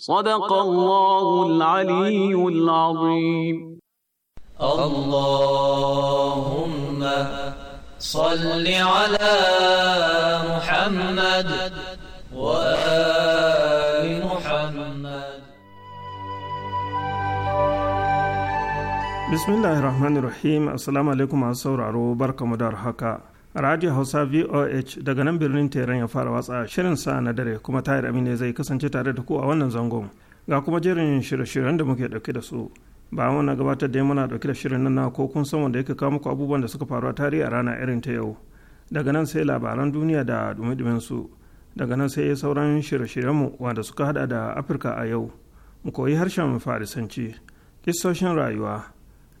صدق الله العلي العظيم اللهم صل على محمد وآل محمد بسم الله الرحمن الرحيم السلام عليكم ورحمة الله بركة مدار حكا radio hausa voh daga nan birnin teran ya fara watsa shirin sa na dare kuma tahir ne zai kasance tare da ku a wannan zangon ga kuma jerin shirye-shiryen da muke dauke da su ba na gabatar da muna dauke da shirin nan na ko kun san wanda yake kawo muku abubuwan da suka faru a tarihi a rana irin ta yau daga nan sai labaran duniya da dumi su daga nan sai sauran shirye shiryen mu wanda suka hada da afirka a yau mu koyi harshen farisanci kissoshin rayuwa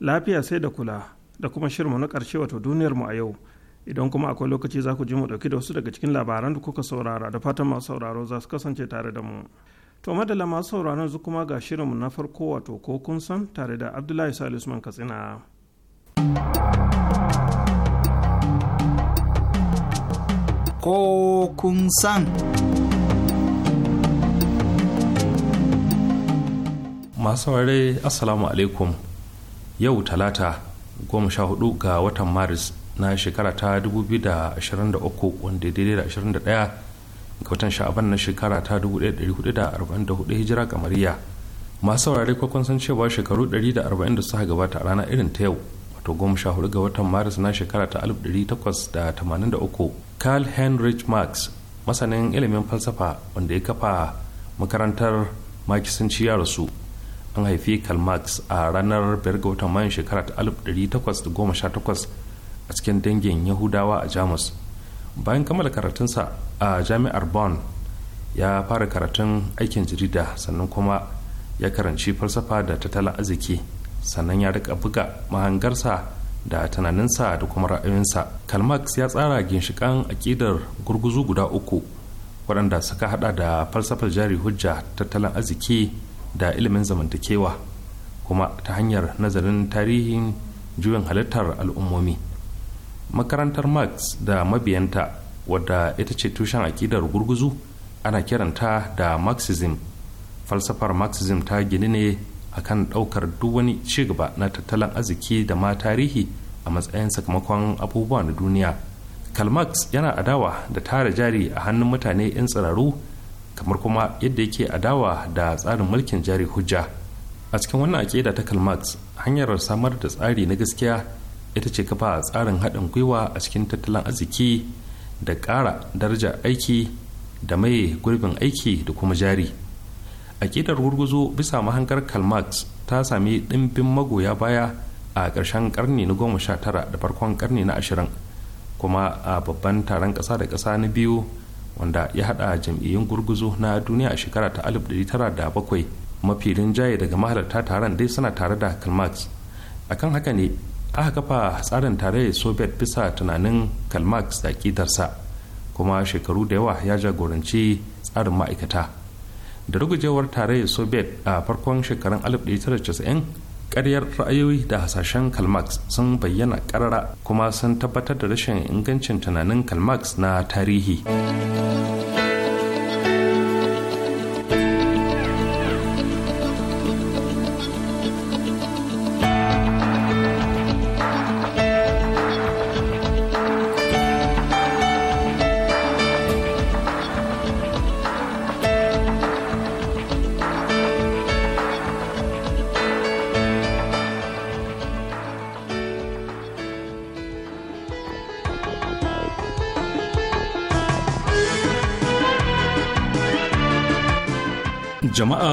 lafiya sai da kula da kuma shirmu na ƙarshe wato duniyarmu a yau idan kuma akwai lokaci za ku ji mu dauki da wasu daga cikin labaran da kuka saurara da fatan masu sauraro za su kasance tare da mu to madalla masu sauraron zu kuma ga shirinmu na farko wato ko kun san tare da abdullahi salisu man katsina ko kun san masu saurare assalamu alaikum yau talata goma sha hudu ga watan maris na shekara ta 2023 wanda daidai da 21 ga watan sha'aban na shekara ta 1444 hijira kamariya masu saurare kwakwan san cewa shekaru 140 da suka gabata a ranar irin ta yau wato goma sha hudu ga watan maris na shekara ta 1883 karl heinrich marx masanin ilimin falsafa wanda ya kafa makarantar makisanci ya rasu an haifi karl marx a ranar 5 ga watan mayan shekara ta 1818 a cikin dangin yahudawa a jamus bayan kammala karatunsa a jami'ar bonn ya fara karatun aikin jarida sannan kuma ya karanci falsafa da tattalin arziki sannan ya rika buga mahangarsa da tunaninsa da kuma ra'ayinsa kalmax ya tsara ginshikan akidar gurguzu guda uku waɗanda suka hada da falsafar jari hujja tattalin arziki da ilimin zamantakewa kuma ta hanyar nazarin tarihin juyin halittar al'ummomi makarantar marx da mabiyanta wadda ita ce tushen akidar gurguzu ana kiranta da marxism falsafar marxism ta gini ne akan ɗaukar duk wani cigaba na tattalin arziki da ma tarihi a matsayin sakamakon abubuwa na duniya karl marx yana adawa da tara jari a hannun mutane 'yan tsiraru kamar kuma yadda yake adawa da tsarin mulkin jari hujja a cikin wannan aƙida ta karl marx hanyar samar da tsari na gaskiya ita ce kafa tsarin haɗin gwiwa a cikin tattalin arziki da ƙara daraja aiki da mai gurbin aiki da kuma jari aƙidar gurguzo bisa mahangar kalmat ta sami ɗimbin magoya baya a ƙarshen ƙarni na goma sha tara da farkon ƙarni na ashirin kuma a babban taron ƙasa da ƙasa na biyu wanda ya haɗa jam'iyyun gurguzo na duniya a shekara ta alif tara da bakwai mafi rinjaye daga mahalarta taron dai suna tare da kalmat akan haka ne aka kafa tsarin tarayyar soviet bisa tunanin kalmax da kidarsa kuma shekaru da yawa ya jagoranci tsarin ma'aikata da rugujewar tarayyar soviet a farkon shekarun 1990 karyar ra'ayoyi da hasashen kalmax sun bayyana karara kuma sun tabbatar da rashin ingancin tunanin kalmax na tarihi.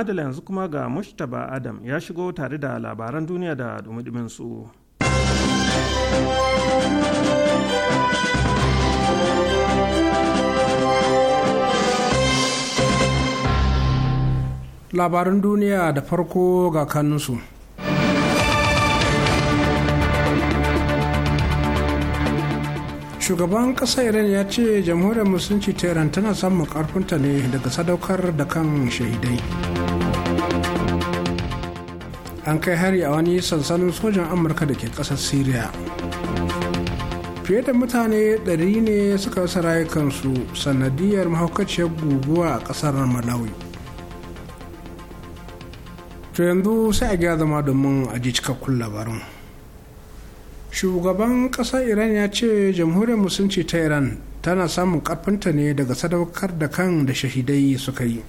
madala yanzu kuma ga mushtaba adam ya shigo tare da labaran duniya da dumi su. labaran duniya da farko ga kanunsu shugaban ƙasar iran ya ce jamhuriyar musulunci tehran tana samun ƙarfinta ne daga sadaukar da kan shahidai an kai hari a wani sansanin sojan amurka da ke ƙasar syria fiye da mutane 100 ne suka rasa rayukansu sanadiyar mahaukaciyar guguwa a ƙasar malawi to yanzu sai a gya zama domin a ji cikakkun labarin shugaban ƙasar iran ya ce jamhuriyar musulunci ta iran tana samun ƙafinta ne daga sadaukar da kan da shahidai suka yi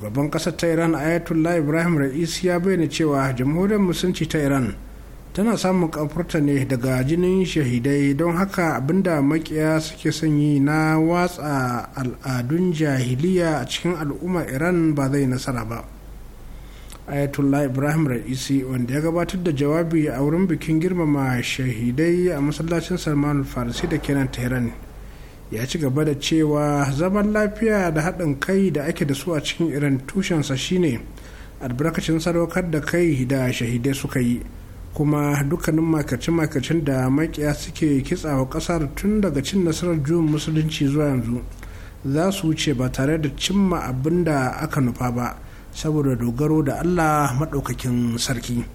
shugaban ƙasar ta iran ayatollah ibrahim ra'is ya bayyana cewa jamhuriyar musulunci ta iran tana samun kamfurta ne daga jinin shahidai don haka abinda makiya suke sanyi na watsa al'adun jahiliya a cikin al'umma iran ba zai nasara ba ayatollah ibrahim ra'isi wanda ya gabatar da jawabi a wurin bikin girmama shahidai a masallacin salman farisi da kenan tehran ya ci gaba da cewa zaman lafiya da haɗin kai da ake da su a cikin irin tushensa shine albarkacin sadaukar da kai da shahidai suka yi kuma dukkanin makacin-makacin da makiya suke kitsawa ƙasar tun daga cin nasarar juyin musulunci zuwa yanzu za su wuce ba tare da cimma abin da aka nufa ba saboda dogaro da allah maɗaukakin sarki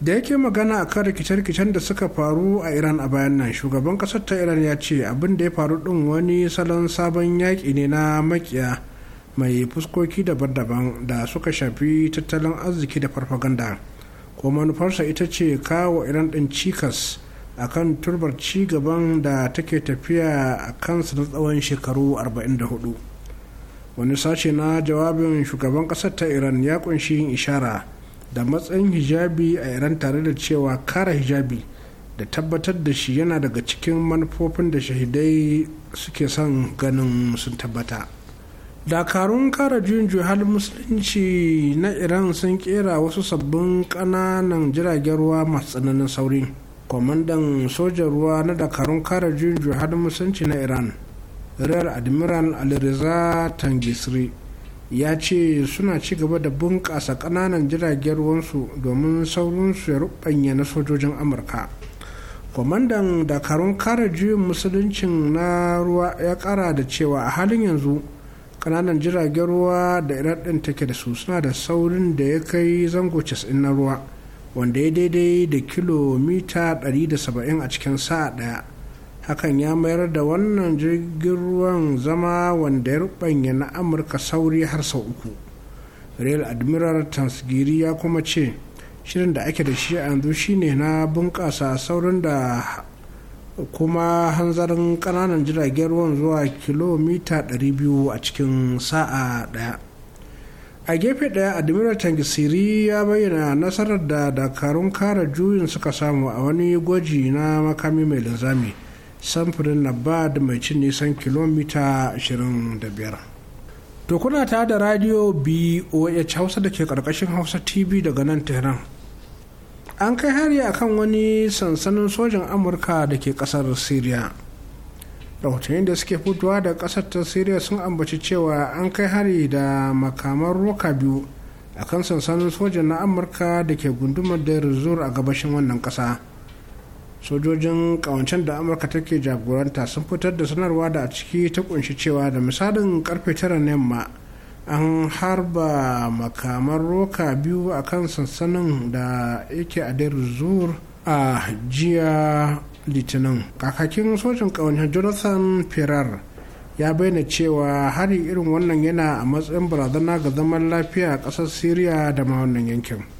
da yake magana a kan rikice-rikicen da suka faru a iran a bayan nan shugaban kasar ta iran ya ce abin da ya faru din wani salon sabon yaƙi ne na makiya mai fuskoki daban-daban da suka shafi tattalin arziki da farfaganda ko manufarsa ita ce kawo iran din cikas a kan turbar ci gaban da take tafiya a kansa na tsawon shekaru 44 wani sashe na jawabin shugaban kasar ta iran ya kunshi yin ishara da matsayin hijabi a iran tare da cewa kara hijabi da tabbatar da shi yana daga cikin manufofin da shahidai suke son ganin sun tabbata dakarun kara juyin juhal musulunci na iran sun kera wasu sabbin kananan jiragen ruwa masu tsananin sauri kwamandan sojan ruwa na dakarun kara juyin juhal musulunci na iran rear admiral alireza tangisri ya ce suna ci gaba da bunƙasa ƙananan jiragen ruwansu domin saurinsu ya rubanya na sojojin amurka kwamandan dakarun kare juyin musuluncin na ruwa ya ƙara da cewa a halin yanzu ƙananan jiragen ruwa da iran ɗin take da su suna da saurin da ya kai zango 90 na ruwa wanda ya daidai da kilomita 170 a cikin sa'a ɗaya hakan ya mayar da wannan jirgin ruwan zama wanda ya rubanya na amurka sauri har sau uku real admiral tansgiri ya kuma ce shirin da ake da shi a yanzu shine na bunƙasa saurin da kuma hanzarin ƙananan jiragen ruwan zuwa kilomita 200 a cikin sa'a ɗaya a gefe ɗaya admiral tangisiri ya bayyana nasarar da dakarun kara juyin suka samu a wani gwaji na makami mai linzami samfurin nabad mai cin nisan kilomita 25 to kuna ta da radio boh hausa da ke karkashin hausa tv daga nan tehran an kai hari akan wani sansanin sojan amurka da ke kasar syria rahotanni da suke fitowa da kasar ta syria sun ambaci cewa an kai hari da makaman roka biyu akan sansanin sojan na amurka da ke gundumar da a gabashin wannan kasa. sojojin kawancen da amurka take jagoranta sun fitar da sanarwa da a ciki ta kunshi cewa da misalin karfe tara na yamma an harba makaman roka biyu a kan sansanin da yake a deir zur a jiya litinin kakakin sojin kawancen jonathan ferrar ya bayyana cewa hari irin wannan yana a matsayin barazana ga zaman lafiya a ƙasar syria da ma wannan yankin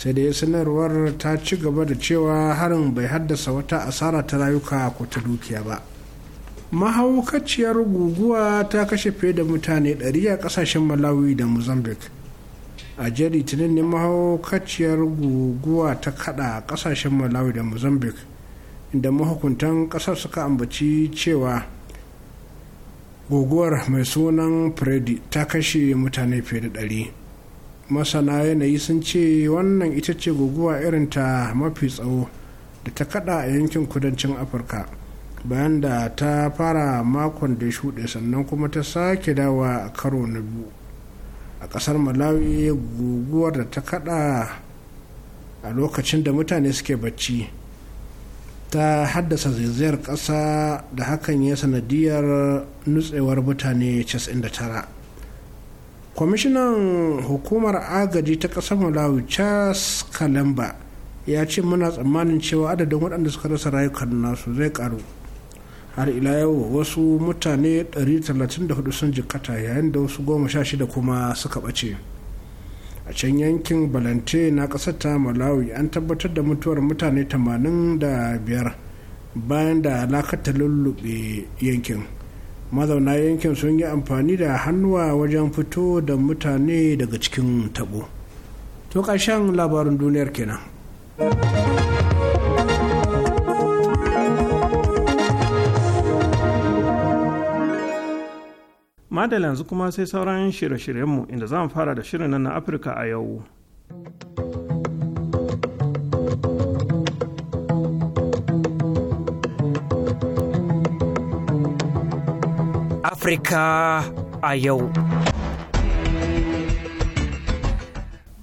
sai da sanarwar ta ci gaba da cewa harin bai haddasa wata asara ta rayuka ko ta dukiya ba mahaukaciyar guguwa ta kashe fiye da mutane 100 a kasashen malawi da mozambique a jiyar litinin ne mahaukaciyar guguwa ta kada a kasashen malawi da mozambique inda mahukuntan kasar suka ambaci cewa guguwar mai sunan freddy ta kashe mutane fiye da 100 masana yanayi sun ce wannan ita ce guguwa irin ta mafi tsawo da ta kada a yankin kudancin afirka bayan da ta fara makon da shuɗe sannan kuma ta sake dawa a karo na biyu a ƙasar malawi guguwar da ta kada a lokacin da mutane suke bacci ta haddasa zaizayar ƙasa da hakan ya sanadiyar nutsewar mutane 99 kwamishinan hukumar agaji ta ƙasar malawi charles kalamba ya ce muna tsammanin cewa adadin waɗanda suka rasa rayukan nasu zai karu har ila yau wasu mutane 134 sun jikata yayin da wasu goma sha shida kuma suka ɓace a can yankin balante na ƙasar ta malawi an tabbatar da mutuwar mutane 85 bayan da alakar lullube yankin mazauna yankin sun yi amfani da hannuwa wajen fito da mutane daga cikin tabo to ƙarshen labarin duniyar kenan madalla yanzu kuma sai sauran shirye-shiryenmu inda za mu fara da shirin na afirka a yau Afirka a yau.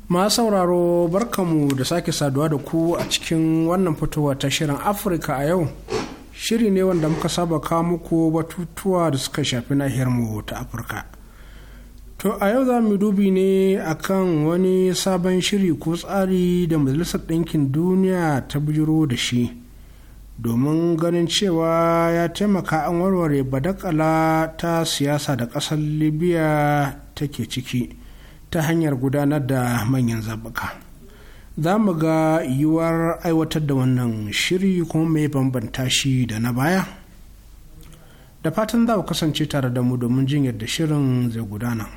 Ma sauraro barkamu da sake saduwa da ku a cikin wannan fitowa ta shirin Afirka a yau. Shiri ne wanda muka saba kawo muku batutuwa da suka shafi nahiyarmu ta Afirka. To a yau za mu dubi ne akan wani sabon shiri ko tsari da Majalisar Ɗinkin Duniya ta bujiro da shi. domin ganin cewa ya taimaka an warware badakala ta siyasa da ƙasar libya take ciki ta hanyar gudanar da manyan zaɓuka za mu ga yiwuwar aiwatar da wannan shiri kuma mai bambanta shi da na baya da fatan za ku kasance tare da mu domin jin yadda shirin zai gudana.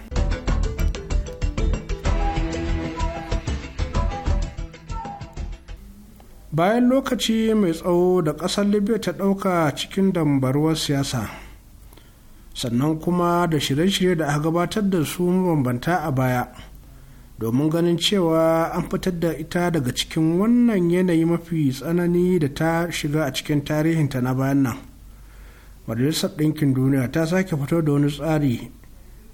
bayan lokaci mai tsawo da ƙasar libya ta ɗauka cikin dambaruwar siyasa sannan kuma da shirye-shirye da aka gabatar da su mabambanta a baya domin ganin cewa an fitar da ita daga cikin wannan yanayi mafi tsanani da ta shiga a cikin tarihinta na bayan nan majalisar ɗinkin duniya ta sake fito da wani tsari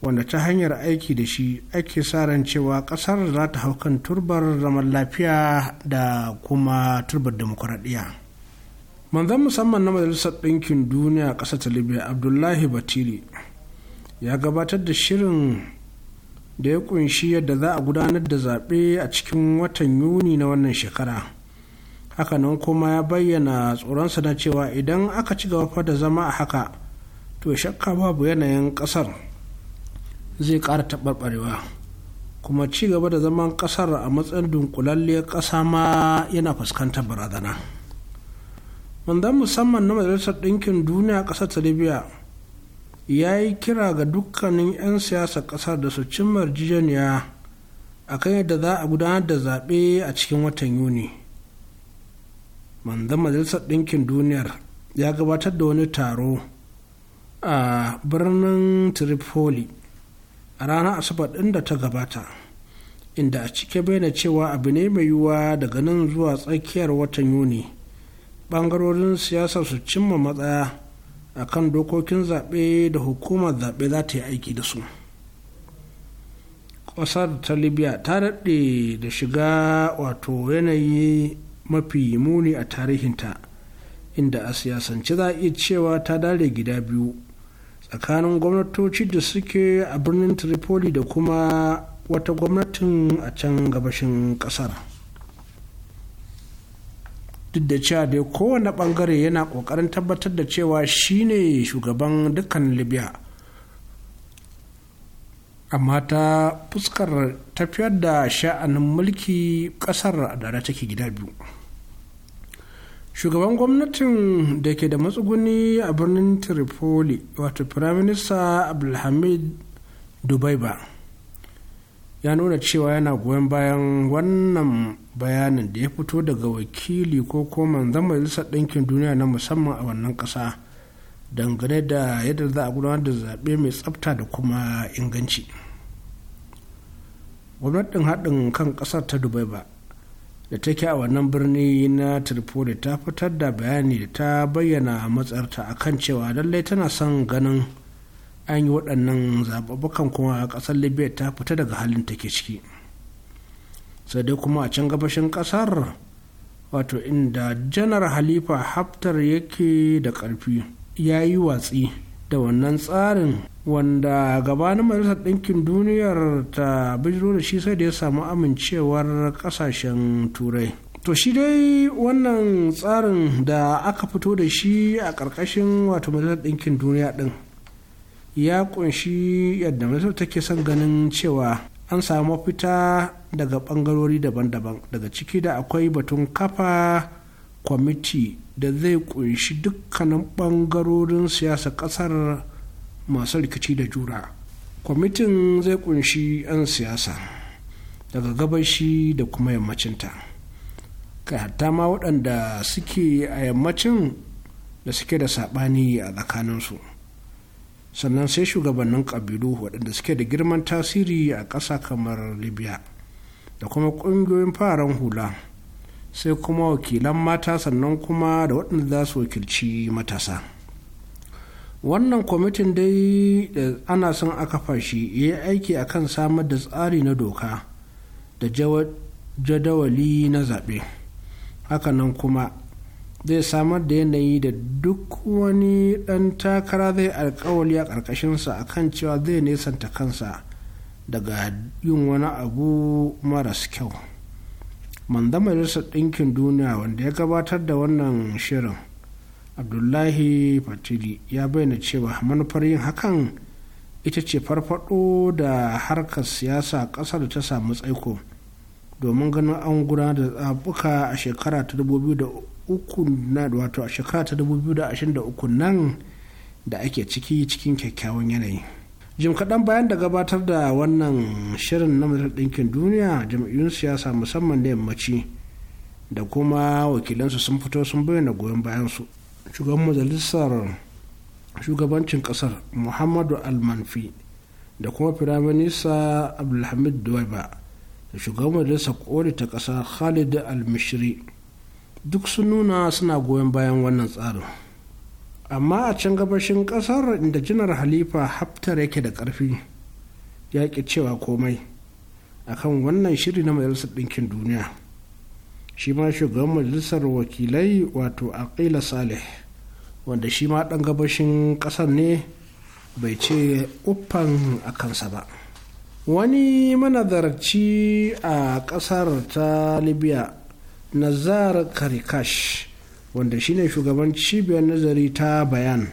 wanda ta hanyar aiki da shi ake sa ran cewa kasar za ta hau kan turbar zaman lafiya da kuma turbar demokuraɗiyya. manzan musamman na majalisar ɗinkin duniya ƙasar ta libya abdullahi batiri ya gabatar da shirin da ya kunshi yadda za a gudanar da zaɓe a cikin watan yuni na wannan shekara hakanan kuma ya bayyana tsoronsa na cewa idan aka ci gaba da zama a haka to shakka babu yanayin ƙasar zai ƙara taɓarɓarewa kuma ci gaba da zaman ƙasar a matsayin dunkulalliyar ƙasa ma yana fuskantar barazana manzan musamman na majalisar ɗinkin duniya ƙasar ta libya ya yi kira ga dukkanin 'yan siyasar ƙasar da su cimmar jijaniya a kan yadda za a gudanar da zaɓe a cikin watan yuni manzan majalisar ɗinkin duniyar ya gabatar da wani taro a birnin tripoli a ranar asabar ɗin da ta gabata inda a cike bayyana cewa abu ne mai yiwuwa daga nan zuwa tsakiyar watan yuni ɓangarorin siyasa su cimma matsaya a kan dokokin zaɓe da hukumar zaɓe za ta yi aiki da su ƙasar ta libya ta daɗe da shiga wato yanayi mafi muni a tarihinta inda a siyasance za a iya cewa ta dare gida biyu tsakanin gwamnatoci da suke a birnin tripoli da kuma wata gwamnatin a can gabashin kasar duk da cewa dai kowane bangare yana kokarin tabbatar da cewa shine shugaban dukkan libya amma ta fuskar tafiyar da sha'anin mulki kasar da take gida biyu shugaban gwamnatin da ke da matsuguni a birnin tripoli wato firaminista abdulhamid dubaiba ya nuna cewa yana goyon bayan wannan bayanin da ya fito daga wakili ko koman majalisar ɗinkin duniya na musamman a wannan ƙasa dangane da yadda za a gudanar da zaɓe mai tsafta da kuma inganci gwamnatin haɗin kan ƙasar ta dubai ba da take a wannan birni na tripoli ta fitar da bayani da ta bayyana a matsarta kan cewa lallai tana son ganin an yi waɗannan zaɓaɓɓukan kuma ƙasar libya ta fita daga halin take ciki sai dai kuma a can gabashin ƙasar wato inda janar halifa haftar yake da ƙarfi ya yi watsi da wannan tsarin wanda gabanin majalisar ɗinkin duniyar ta bijiro da shi sai da ya samu amincewar ƙasashen turai to shi dai wannan tsarin da aka fito da shi a ƙarƙashin wato majalisar ɗinkin duniya ɗin ya ƙunshi yadda majalisar take son ganin cewa an samu fita daga ɓangarori daban-daban daga ciki da akwai batun kafa kwamiti da zai ƙunshi dukkanin ɓangarorin siyasa ƙasar masu rikici da jura kwamitin zai kunshi 'yan siyasa daga gabashi da kuma yammacinta kai hatta ma waɗanda suke a yammacin da suke da saɓani a tsakaninsu sannan sai shugabannin ƙabilu waɗanda suke da girman tasiri a ƙasa kamar libya da kuma ƙungiyoyin fararen hula sai kuma wakilan mata sannan kuma da waɗanda za su wakilci matasa wannan kwamitin dai da ana son a kafa shi ya yi aiki a kan samar da tsari na doka da jadawali na zaɓe hakanan kuma zai samar da yanayi da duk wani ɗan takara zai alkawali a ƙarƙashinsa a kan cewa zai nesanta kansa daga yin wani abu maras kyau manzan majalisar ɗinkin duniya wanda ya gabatar da wannan shirin abdullahi fatili ya bayyana cewa manufar yin hakan ita ce farfado da harkar siyasa ƙasar da ta samu tsaiko domin ganin an gudanar da zabuka a shekara ta 2023 wato nan da ake ciki cikin kyakkyawan yanayi jim kaɗan bayan da gabatar da wannan shirin na majalisar ɗinkin duniya jam'iyyun siyasa musamman da yammaci da kuma wakilansu sun fito sun bayyana goyon bayansu shugaban majalisar shugabancin kasar muhammadu almanfi da kuma firaminista abdulhamid duwaiba da shugaban majalisar kori ta kasa khalid almishiri duk sun nuna suna goyon bayan wannan tsarin amma a can gabashin kasar inda janar halifa haftar yake da karfi ya cewa komai akan wannan shiri na majalisar ɗinkin duniya shi ma shugaban majalisar wakilai wato aqila salih wanda shi ma ɗan gabashin ƙasar ne bai ce uffan a kansa ba wani manazarci a ƙasar ta libya nazar karikash wanda shine shugaban cibiyar nazari ta bayan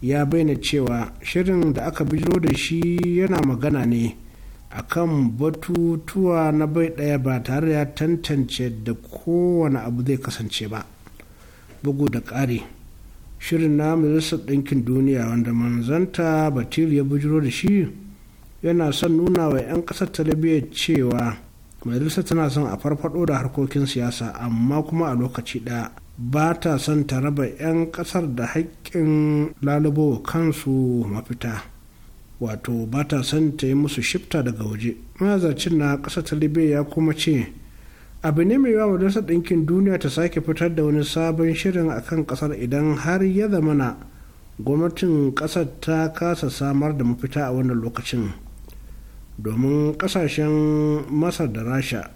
ya bayyana cewa shirin da aka bijiro da shi yana magana ne a kan batutuwa na bai ɗaya ba tare ya tantance da kowane abu zai kasance ba bugu da ƙari shirin na majalisar ɗinkin duniya wanda manzanta Batiri, ya bujiro da shi yana son nuna wa 'yan ƙasar talabiyar cewa majalisar tana son a farfaɗo da harkokin siyasa amma kuma a lokaci ɗaya ba ta son ta raba 'yan ƙasar da haƙƙin lalubo kansu mafita. wato ba ta son ta yi musu shifta daga waje mazarcin na ƙasa ta libya ya kuma ce abu ne mai yawa majalisar ɗinkin duniya ta sake fitar da wani sabon shirin akan ƙasar idan har ya zamana gwamnatin ƙasar ta kasa samar da mafita a wannan lokacin domin ƙasashen masar da rasha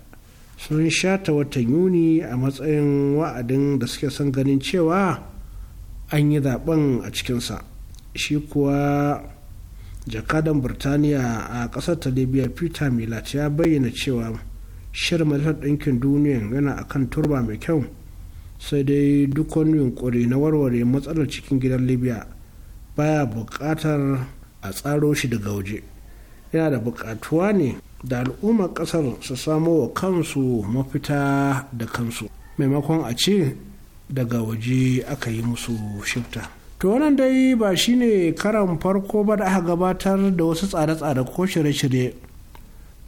sun sha ta watan yuni a matsayin wa'adin da suke son ganin cewa an yi zaben a cikinsa shi kuwa jakadan birtaniya a kasar ta libya peter milat ya bayyana cewa shirin majalisar ɗinkin duniya yana akan turba mai kyau sai dai duk wani yunkuri na warware matsalar cikin gidan libya baya buƙatar a tsaro shi daga waje yana da buƙatuwa ne da al'ummar ƙasar su samo wa kansu mafita da kansu maimakon a ce daga waje aka yi musu shifta. to wannan dai ba shine karan farko ba da aka gabatar da wasu tsare-tsare ko shirye-shirye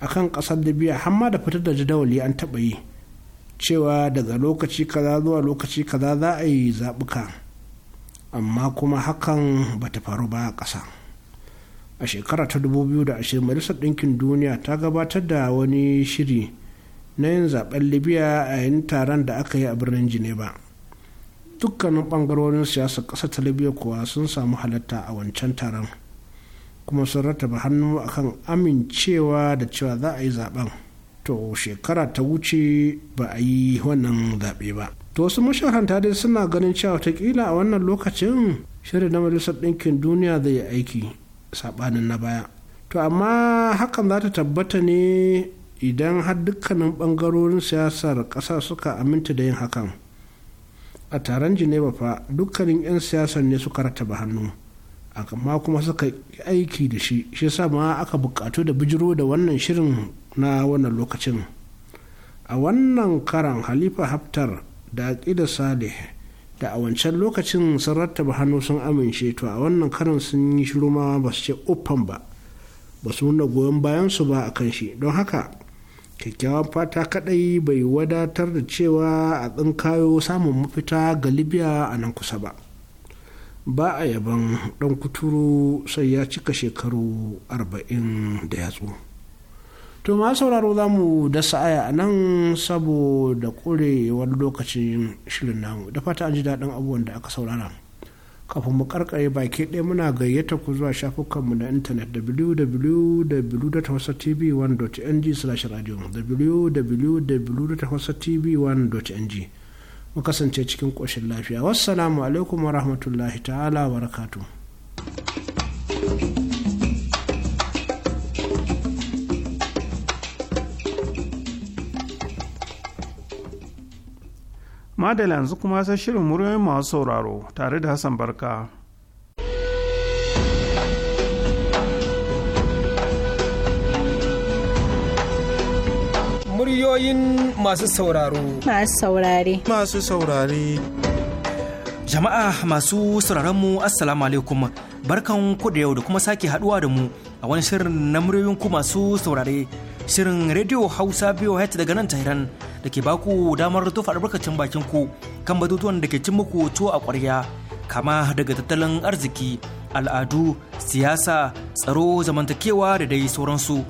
a kan ƙasar libya hamma da fitar da jadawali an taɓa yi cewa daga lokaci kaza zuwa lokaci kaza za a yi zaɓuka amma kuma hakan ba ta faru ba a ƙasa a shekara ta 2020 majalisar ɗinkin duniya ta gabatar da wani shiri na yin zaɓen libya a yin taron da aka yi a birnin geneva dukkanin bangarorin siyasar ƙasar ta libya kuwa sun samu halatta a wancan taron kuma sun rattaba hannu akan amincewa da cewa za a yi zaben to shekara ta wuce ba a yi wannan zaɓe ba to wasu masharanta dai suna ganin cewa watakila a wannan lokacin shirin na majalisar ɗinkin duniya zai yi aiki saɓanin na baya to amma hakan za ta tabbata ne idan har dukkanin ɓangarorin siyasar ƙasa suka aminta da yin hakan a taron geneva fa dukkanin 'yan siyasar ne suka rattaba hannu amma kuma suka aiki da shi shi sa ma aka bukatu da bijiro da wannan shirin na wannan lokacin a wannan karan halifa haftar da aƙida saleh da a wancan lokacin sun rattaba hannu sun amince to a wannan karan sun yi shiru ma ba su ce uffan ba ba su nuna goyon bayansu ba a kan shi don haka kyakkyawan fata kadai bai wadatar da cewa a tsinkayo samun mafita ga libya a nan kusa ba ba a yaban dan kuturu sai ya cika shekaru arba'in da yatsu to ma sauraro za mu dasa aya a nan saboda wani lokacin shirin namu da fata an ji daɗin abubuwan da aka saurara kafin mu karkare baki ɗaya muna gayyata ku zuwa shafukanmu na intanet www.hausatv1.ng/radio www.hausatv1.ng mu kasance cikin ƙoshin lafiya wassalamu alaikum wa rahmatullahi ta'ala wa barakatuh madala yanzu kuma sai shirin muryoyin masu sauraro tare da hassan barka muryoyin masu sauraro masu saurare masu saurare jama'a masu sauraron mu assalamu alaikum barkan ku da yau da kuma sake haduwa da mu a wani shirin na muryoyin ku masu saurare shirin radio hausa biyu daga nan tehran da ke baku damar tofa albarkacin bakin ku kan batutuwan da ke cin muku tuwo a ƙwarya kama daga tattalin arziki al'adu siyasa tsaro zamantakewa da dai sauransu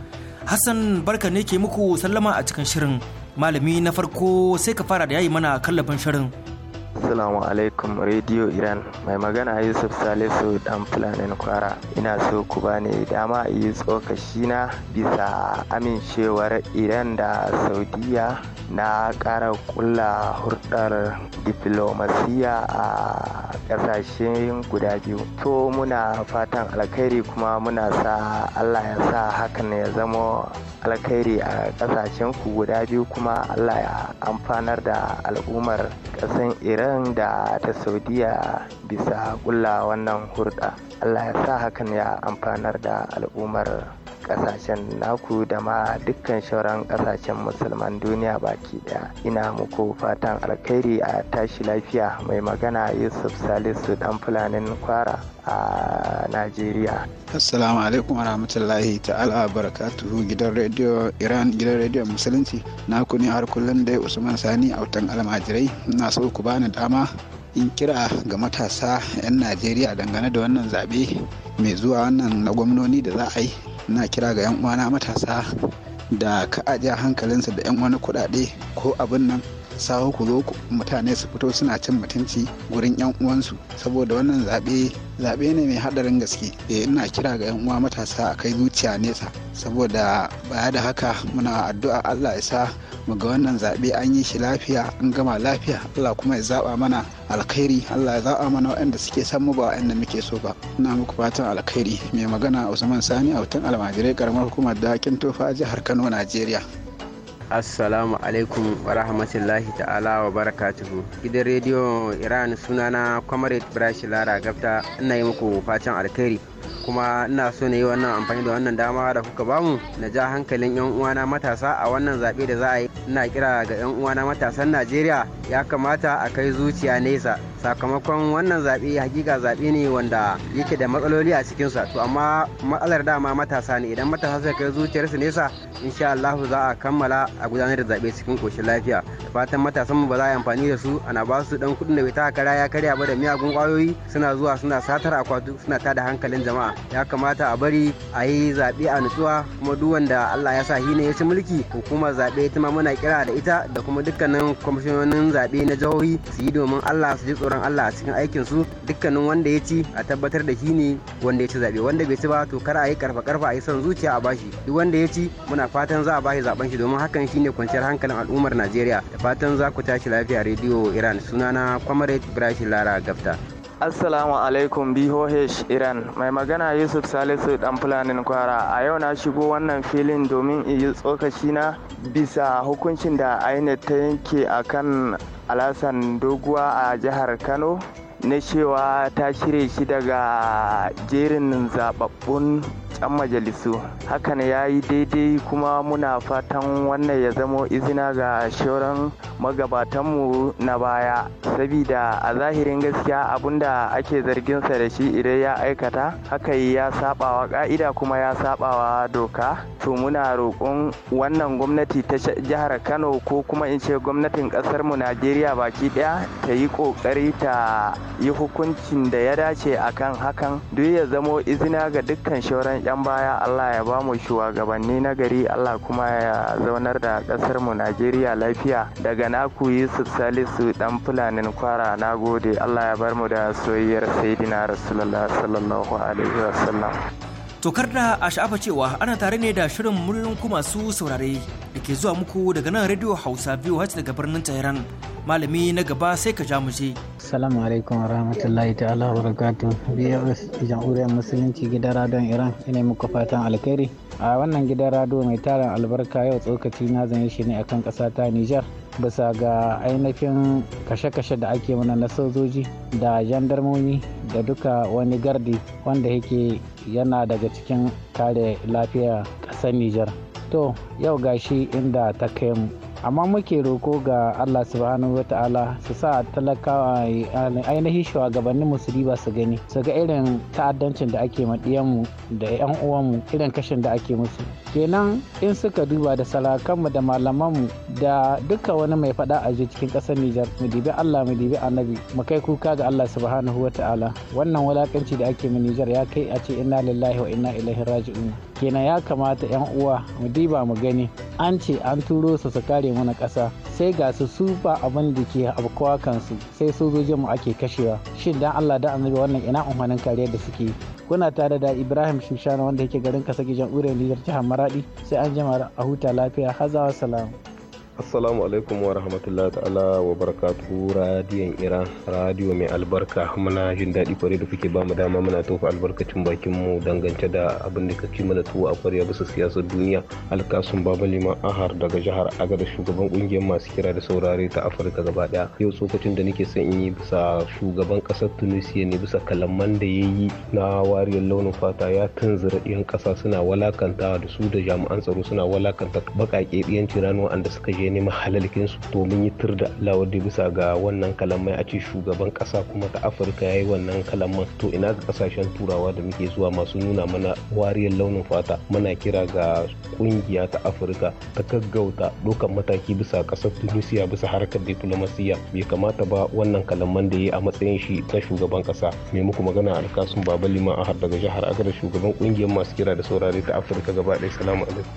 hassan barka ne ke muku sallama a cikin shirin malami na farko sai ka fara da yayi mana kallafin shirin Assalamu alaikum Radio Iran mai magana Yusuf Salisu dan Fulanin Kwara ina so ku bani dama yi tsokashi na bisa amincewar Iran da Saudiya na ƙara kulla hurɗar diplomasiya a ƙasashen guda biyu. To muna fatan alkhairi kuma muna sa Allah ya sa hakan ya zama alkhairi a ƙasashen ku guda biyu kuma Allah ya amfanar da al'ummar ƙasan Iran iran da ta saudiya bisa kulla wannan hurɗa allah ya sa hakan ya amfanar da al'ummar kasashen naku da ma dukkan shauran kasashen musulman duniya baki daya ina muku fatan alkhairi a tashi lafiya mai magana yusuf salisu dan fulanin kwara a Najeriya. Assalamu alaikum warahmatullahi ta'ala barakatuhu gidan rediyo Iran gidan rediyon Musulunci na ku ne har kullun dai Usman Sani a wutan almajirai ina so ku bani dama in kira ga matasa 'yan Najeriya dangane da wannan zaɓe mai zuwa wannan na gwamnoni da za a yi na kira ga 'yan uwana matasa da ka ajiye hankalinsa da 'yan wani kuɗaɗe ko abin nan sawo ku zo mutane su fito suna cin mutunci gurin yan uwansu saboda wannan zaɓe zaɓe ne mai haɗarin gaske eh ina kira ga yan uwa matasa a kai zuciya nesa saboda baya da haka muna addu'a Allah ya sa mu ga wannan zaɓe an yi shi lafiya an gama lafiya Allah kuma ya zaɓa mana alkhairi Allah ya zaba mana waɗanda suke san mu ba waɗanda muke so ba ina muku fatan alkhairi mai magana Usman Sani a wutan almajirai karamar hukumar da Tofa a jihar Kano Najeriya. assalamu alaikum wa rahmatullahi ta'ala wa barakatuhu gidan rediyo iran sunana comrade brashi lara gafta ina yi muku fatan alkhairi kuma ina so na yi wannan amfani da wannan dama da kuka bamu na ja hankalin yan uwana matasa a wannan zaɓe da za a yi ina kira ga yan uwana matasan najeriya ya kamata a kai zuciya nesa sakamakon wannan zaɓe hakika zaɓe ne wanda yake da matsaloli a cikinsa to amma matsalar dama matasa ne idan matasa suka kai su nesa insha Allah za a kammala a gudanar da zaɓe cikin koshin lafiya fatan matasan mu ba za a yi amfani da su ana ba su dan kuɗin da bai ta kara ya karya ba da miyagun ƙwayoyi suna zuwa suna satar akwatu suna tada hankalin jama'a jama'a ya kamata a bari a yi zaɓe a nutsuwa kuma duk wanda Allah ya sa ne ya ci mulki hukumar zaɓe ita ma muna kira da ita da kuma dukkanin kwamishinonin zaɓe na jihohi su yi domin Allah su ji tsoron Allah a cikin aikin su dukkanin wanda ya ci a tabbatar da shi ne wanda ya ci zaɓe wanda bai ci ba to kar a yi karfa karfa a yi son zuciya a bashi duk wanda ya ci muna fatan za a bashi zaben shi domin hakan shine kwanciyar hankalin al'ummar Najeriya da fatan za ku tashi lafiya rediyo Iran sunana Comrade Ibrahim Lara Gafta. Assalamu alaikum BOH Iran mai magana Yusuf Salisu dan fulanin kwara a yau na shigo wannan filin domin yi tsokaci na bisa hukuncin da INEC ta yanke a kan alasan doguwa a jihar Kano na cewa ta cire shi daga jerin zababbun 'yan majalisu hakan ya yi daidai kuma muna fatan wannan ya zamo izina ga shauran magabatanmu na baya sabida a zahirin gaskiya da ake zarginsa da shi idan ya aikata haka ya sabawa ka'ida kuma ya sabawa doka to muna roƙon wannan gwamnati ta jihar kano ko kuma in ce gwamnatin ƙasarmu najeriya baki ɗaya ta yi ƙoƙari ta yi hukuncin da ya dace akan hakan duk ya zamo izina ga dukkan shauran 'yan goyon baya Allah ya ba mu shugabanni na gari Allah kuma ya zaunar da ƙasar mu Najeriya lafiya daga naku Yusuf Salisu dan fulanin kwara na gode Allah ya bar mu da soyayyar Sayyidina Rasulullah sallallahu alaihi wasallam. Tokar da a sha'afa cewa ana tare ne da shirin muryoyin ku masu saurare da ke zuwa muku daga nan Radio Hausa VOH daga birnin Tehran. Malami na gaba sai ka ja muje. je. Assalamu alaikum wa rahmatullahi ta'ala wa barakatuh. Jamhuriyar Musulunci gidan radon Iran ina muku fatan alkhairi. A wannan gidan rado mai tarin albarka yau tsokaci na zan shi ne akan ƙasa ta Nijar. bisa ga ainihin kashe-kashe da ake mana na sojoji da jandarmomi da duka wani gardi wanda yake yana daga cikin kare lafiya ƙasar Nijar. To yau gashi inda ta kai mu amma muke roko ga allah subhanahu wataala su sa talakawa ainihin shugabannin musulmi ba su gani su ga irin ta'addancin da ake mu da 'yan uwanmu irin kashin da ake musu kenan in suka duba da salakanmu da malamanmu da duka wani mai faɗa a cikin ƙasar nijar mu dibi allah mu dibi annabi mu kai kuka ga allah subhanahu wataala wannan wulakanci da ake mu nijar ya kai a ce inna lillahi wa inna ilaihi raji'un kenan ya kamata 'yan uwa mu diba mu gani an ce an turo su su kare mana ƙasa sai ga su su ba abin da ke abkowa kansu sai sojojin mu ake kashewa shin dan Allah da annabi wannan ina umarnin kariyar da suke kuna tare da Ibrahim Shushana wanda yake garin Kasagi jamhuriyar Nijar jihar Maradi sai an jima a huta lafiya hazawa salamu Assalamu alaikum wa rahmatullahi ta'ala wa barakatuhu radiyon Iran radiyo mai albarka muna jin daɗi kwarai da kuke bamu dama muna tofa albarkacin bakin mu dangance da abin da kake mana tuwo a kwarya bisa siyasar duniya alkasun baba liman ahar daga jihar agada shugaban kungiyar masu kira da saurare ta afirka gaba daya yau tsokacin da nake son in yi bisa shugaban ƙasar tunisia ne bisa kalaman da ya yi na wariyar launin fata ya tunzura ɗiyan ƙasa suna walakanta da su da jami'an tsaro suna walakanta baƙaƙe ɗiyan tirano da suka je ya nemi halalkin su domin yitar da lawadi bisa ga wannan kalamai a ce shugaban kasa kuma ta Afirka ya yi wannan kalaman to ina ga kasashen turawa da muke zuwa masu nuna mana wariyar launin fata muna kira ga kungiya ta Afirka ta gaggauta dokan mataki bisa kasar Tunisia bisa harkar diplomasiya bai kamata ba wannan kalaman da ya yi a matsayin shi ta shugaban kasa me muku magana alkasun baba liman har daga jihar agar shugaban kungiyar masu kira da saurare ta Afirka gaba ɗaya salamu alaikum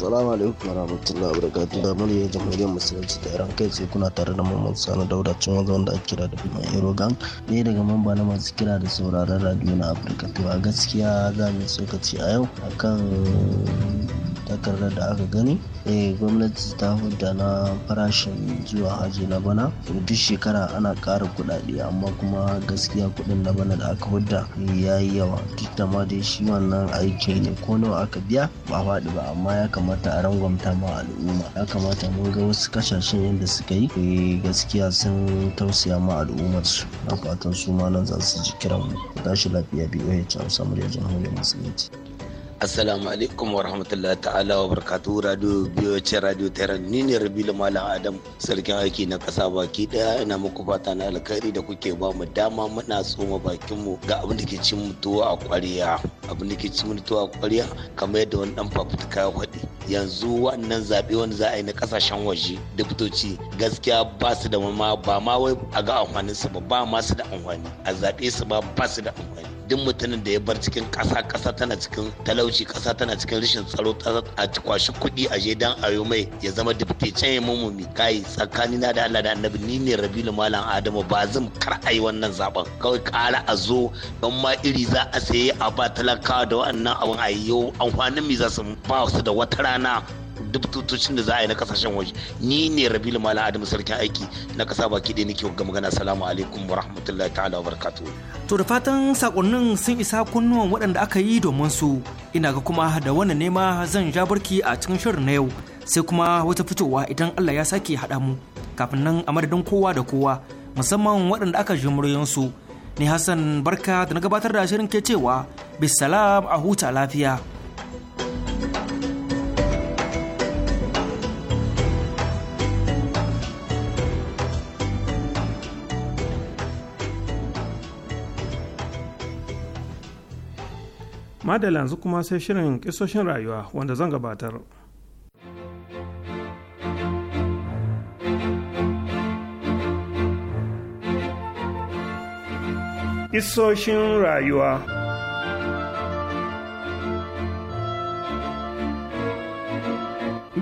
Assalamu alaikum wa barakatu da muliyar jamhuriyar musulunci ta Iran kai ce kuna tare da Mamman sanu Dauda cin wanzu wanda ake kira da Biman Erogan ne daga mamba na masu kira da sauraron radio na Afirka to a gaskiya za mu sokaci a yau akan takardar da aka gani eh gwamnati ta hudda na farashin zuwa haji na bana duk shekara ana kara kuɗaɗe amma kuma gaskiya kuɗin na bana da aka hudda ya yi yawa duk da ma dai shi wannan aiki ne ko nawa aka biya ba faɗi ba amma ya kamata kamata a rangwamta ma al'umma ya kamata mun ga wasu kasashen yadda suka yi eh, gaskiya sun tausaya ma al'ummar su na fatan su ma nan za su ji kiran mu tashi lafiya biyu ya ci hausa muryar jamhuriyar musulunci Assalamu alaikum wa rahmatullahi ta'ala wa barkatu radio biyoce radio tehran ni ne rabi Malam Adam sarkin aiki na kasa baki daya ina muku fata na alkhairi da kuke ba mu dama muna tsoma bakin mu ga abin da ke cin mutuwa a kwariya abin da ke cin mutuwa a kwariya kamar yadda wani dan fafutuka ya faɗi yanzu wannan zaɓe wanda za a yi na kasashen waje fitoci gaskiya ba su da ma ba ma wai a ga amfanin su ba ba ma su da amfani a zaɓe su ba ba su da amfani duk mutumin da ya bar cikin ƙasa ƙasa tana cikin talauci talauci ƙasa tana cikin rashin tsaro a kwashi kuɗi a je dan ayo mai ya zama dubte can ya mu mi tsakani tsakanina da Allah da Annabi ni ne Rabilu Malam Adamu ba zan kar ai wannan zaben kawai kara a zo don ma iri za a saye a ba talakawa da wannan abun a yau amfanin mi za su ba su da wata rana duk tutocin da za a yi na kasashen waje ni ne rabilu mala adamu sarkin aiki na kasa baki ɗaya nake ga magana salamu alaikum wa rahmatullahi ta'ala wa barakatu to da fatan sakonnin sun isa kunnuwan waɗanda aka yi domin su ina ga kuma da wannan nema zan ja barki a cikin shirin na yau sai kuma wata fitowa idan Allah ya sake haɗa mu kafin nan a madadin kowa da kowa musamman waɗanda aka ji su ni Hassan barka da na gabatar da shirin ke cewa bisalam a huta lafiya madala yanzu kuma sai shirin kisoshin rayuwa wanda zan gabatar isoshin rayuwa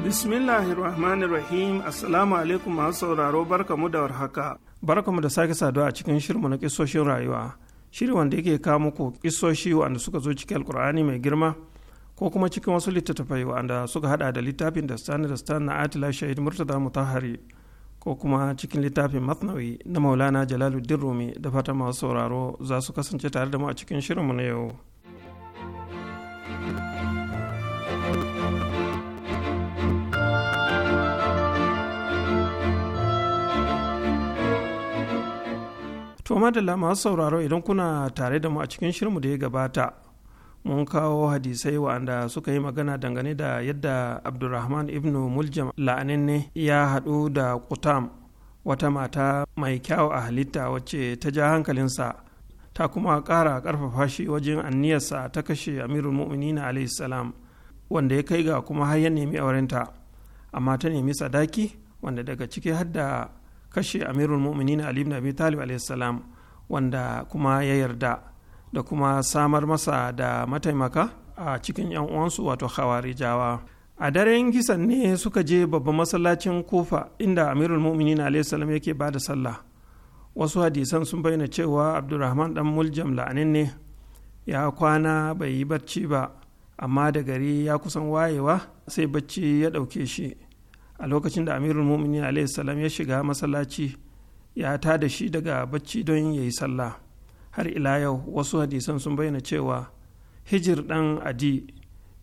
Bismillahirrahmanirrahim Assalamu alaikum masu sauraro barkamu da warhaka barkamu da sake saduwa a cikin shirmu na kisoshin rayuwa shirin wanda yake kawo muku kisoshi wanda suka zo cikin alkur'ani mai girma ko kuma cikin wasu littattafai wanda suka hada da littafin da stan da stan na atila shahid murtaza mutahari ko kuma cikin littafin matnawi na maulana jalaluddin rumi da fata masu sauraro za su kasance tare da mu a cikin shirinmu na yau To madalla masu sauraro idan kuna tare da mu a cikin shirmu da ya gabata mun kawo hadisai wa'anda suka yi magana dangane da yadda Abdulrahman ibn Muljam ne ya haɗu da kutam wata mata mai kyau a halitta wacce ta ja hankalinsa ta kuma ƙara ƙarfafa shi wajen anniyarsa ta kashe Amirul mu'mini na salam wanda ya kai ga kuma har ya nemi aurenta amma ta nemi sadaki wanda daga ciki har kashe amirul mu'minin ali ibn abi talib alaihissalam wanda kuma ya yarda da kuma samar masa da mataimaka a cikin yan uwansu wato khawarijawa a daren kisan ne suka je babban masallacin kufa inda amirul mu'minin alaihissalam yake ba da sallah wasu hadisan sun bayyana cewa abdulrahman dan muljam la'anin ne ya kwana bai yi barci ba amma da gari ya kusan wayewa sai bacci ya ɗauke shi a lokacin da amirul mumini alaihi salam ya shiga masallaci ya ta da shi daga bacci don ya yi sallah har ila yau wasu hadisan sun bayyana cewa hijir ɗan adi